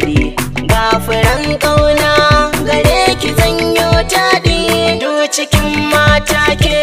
daɗi ƙauna gare ki zanyo taɗi duk cikin mata ke